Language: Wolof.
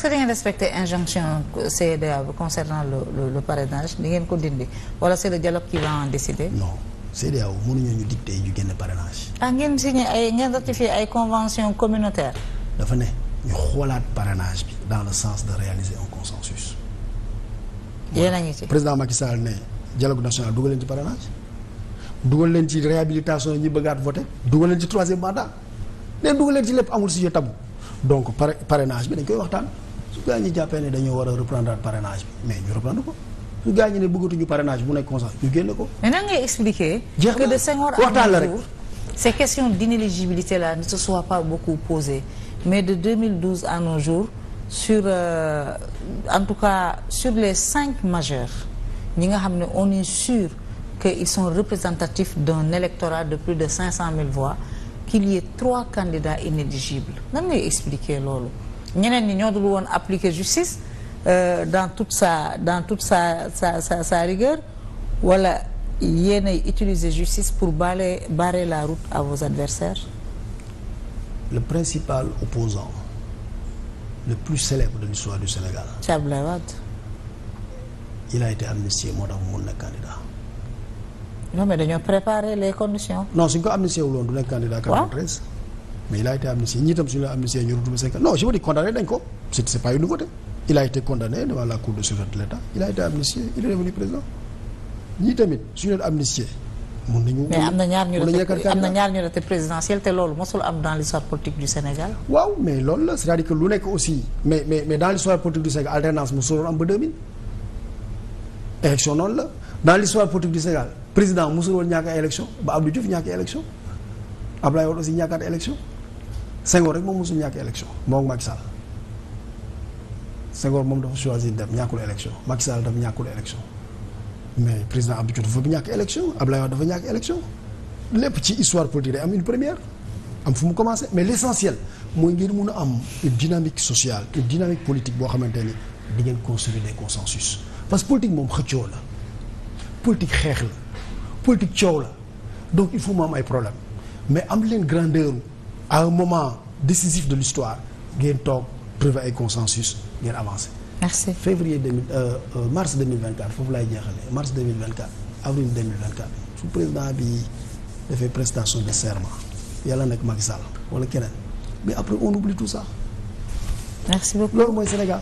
est-ce que da ngeen respecté injonction CEDEAO bi concernant le le, le parrainage ngeen ko dindi wala c'est le dialogue qui va en décider. non CEDEAO mënuñu ñu dicté ñu génn parrainage. ah ngeen signé ay ngeen ratifié ay convention communautaire. dafa ne ñu xoolaat parenage bi dans le sens de réaliser un consensus. yéen a ngi ci président Macky Sall ne dialogue national dugal leen ci parrainage dugal leen ci réhabilitation yi ñu bëggaat voté dugal leen ci troisième mandat leen dugal leen ci lépp amul sujet tabou donc parrainage bi dañ koy waxtaan. su gaa ñi jàppee ne dañoo war a reprendre parrainage bi mais ñu reprendre ko su gaa ñi ne bëggatuñu parrainage bu nekk constat ñu génne ko. mais nan ngay expliquer. jeex na waxtaan la rek que de Senghor ces questions d'inéligibilité là ne se soient pas beaucoup posées mais de 2012 à nos jours sur euh, en tout cas sur les cinq majeurs ñi nga xam ne on est sûr que ils sont représentatifs d'un électorat de plus de cent 000 voix qu'il y ait trois candidats inéligibles nan ngay expliquer loolu. ñeneen ñi ñoo dul woon appliquer justice euh, dans toute sa dans toute sa sa sa sa wala wala yéenay utiliser justice pour barrer barrer la route à vos adversaires le principal opposant le plus célèbre de l'histoire du Sénégal c'est Abdoulaye Wade il a été amnistié moo tax mu mun nekk candidat non mais dañoo préparer les conditions non suñ ko amnistié wuloon du nekk candidat 93 mais il a été amnistié tamit suñu leen amnistié am na ñaar ñu la am na ñaar ñu la te présidentielle te loolu mosul am dans l'histoire politique du Sénégal. la c' à dire que lu nekk aussi mais mais mais dans l'histoire politique du Sénégal alternance mosul woon am ba élection noonu la dans l'histoire politique du Sénégal président mosul woon ñàkk a élection ba Abdou Diouf ñàkk a élection Abdoulaye Wade élection. Senghor rek moom mosul ñàkk élection moom Macky Sall Senghor moom dafa choisir dem ñàkkul élection Macky Sall dafa ñàkkul élection mais président Abdou Diouf dafa ñàkk élection Abdoulaye Wade dafa ñàkk élection lépp ci histoire politique day am une première am fu mu commencé mais l' essentiel mooy ngeen mun a am une dynamique sociale une dynamique politique boo xamante ni di ngeen construire des consensus parce que moom xëccoo la politique xeex la politique coow la donc il faut mu am ay problème mais am leen grandeur. à un moment décisif de l'histoire ngeen toog trouver ay consensus ngeen avancer. merci février deux mille euh, euh, mars deux mille vingt foofu laay jeexalee mars deux mille vingt quatre avril deux mille vingt su président bi defee prestation de serment yàlla nag Macky Sall wala keneen mais après on oublie tout ça. merci beaucoup loolu mooy Sénégal.